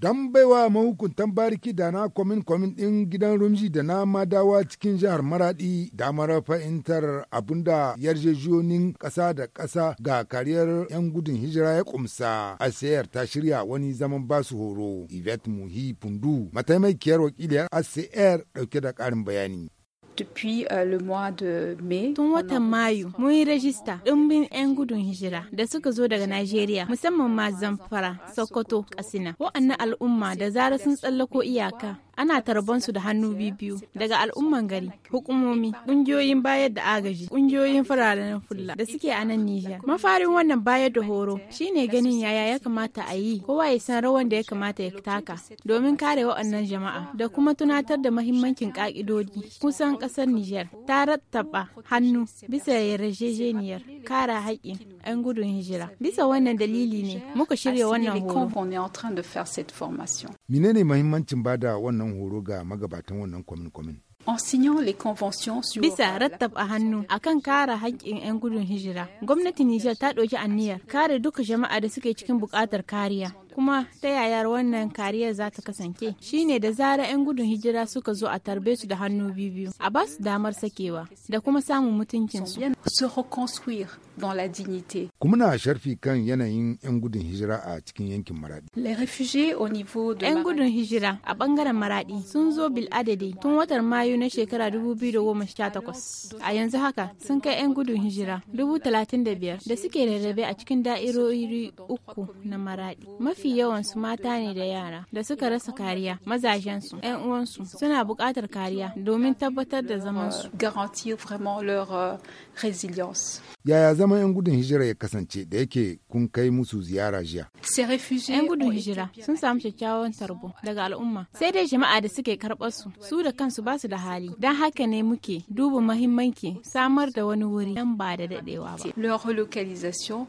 don baiwa mahukuntan bariki da na kwamin kwamin ɗin gidan rumji da na madawa cikin jihar maradi damar fahimtar abinda yarjejiyonin kasa da kasa ga kariyar 'yan gudun hijira ya kumsa a sayar ta shirya wani zaman basu horo yvette muhi pundu mataimakiyar wakiliyar acr dauke da karin bayani Euh, Tun watan Mayu mun yi rajista ɗumbin 'yan gudun hijira da suka zo daga Najeriya musamman ma Zamfara, Sokoto, Katsina. Wa'annan al'umma da zara sun tsallako iyaka ana tarbansu da hannu biyu daga al'umman gari hukumomi ƙungiyoyin bayar da agaji ƙungiyoyin fararen fulla da suke a nan Nijar. Mafarin wannan bayar da horo shine ganin yaya ya kamata a yi kowa ya san rawan da ya kamata ya taka domin kare waɗannan jama'a da kuma tunatar da mahimmancin ƙa'idodi kusan ƙasar Nijar ta rattaba hannu bisa yarjejeniyar Kara haƙƙin 'yan gudun hijira. Bisa wannan dalili ne muka shirya wannan horo. Menene mahimmancin bada wannan horo ga magabatan wannan kwamin-kwamin? Bisa rattab a hannu akan kare haƙƙin 'yan gudun hijira, gwamnatin Nijar ta ɗauki aniyar kare duka jama'a da suke cikin buƙatar kariya. kuma ta yaya wannan kariyar za ta kasance shine da zara 'yan gudun hijira suka zo a tarbe su da hannu biyu a ba su damar sakewa da kuma samun mutuncin su. kuma na sharfi kan yanayin 'yan gudun hijira a cikin yankin maradi 'yan gudun hijira a bangaren maradi sun zo bil adadi tun watan mayu na shekara 2018 a yanzu haka sun kai 'yan gudun hijira 35,000 da suke rarrabe a cikin da'irori uku na maradi mafi su mata ne da yara da suka rasa kariya mazajensu 'yan uwansu suna buƙatar kariya domin tabbatar da zamansu. Euh, euh, Yaya zaman 'yan gudun hijira ya kasance da yake kun kai musu ziyara jiya? 'Yan gudun hijira sun samu kyakkyawan tarbo daga al'umma. Sai dai jama'a da suke karɓar su, su da kansu ba su da hali. Don haka ne muke duba mahimmanci samar da wani wuri nan ba da dadewa ba.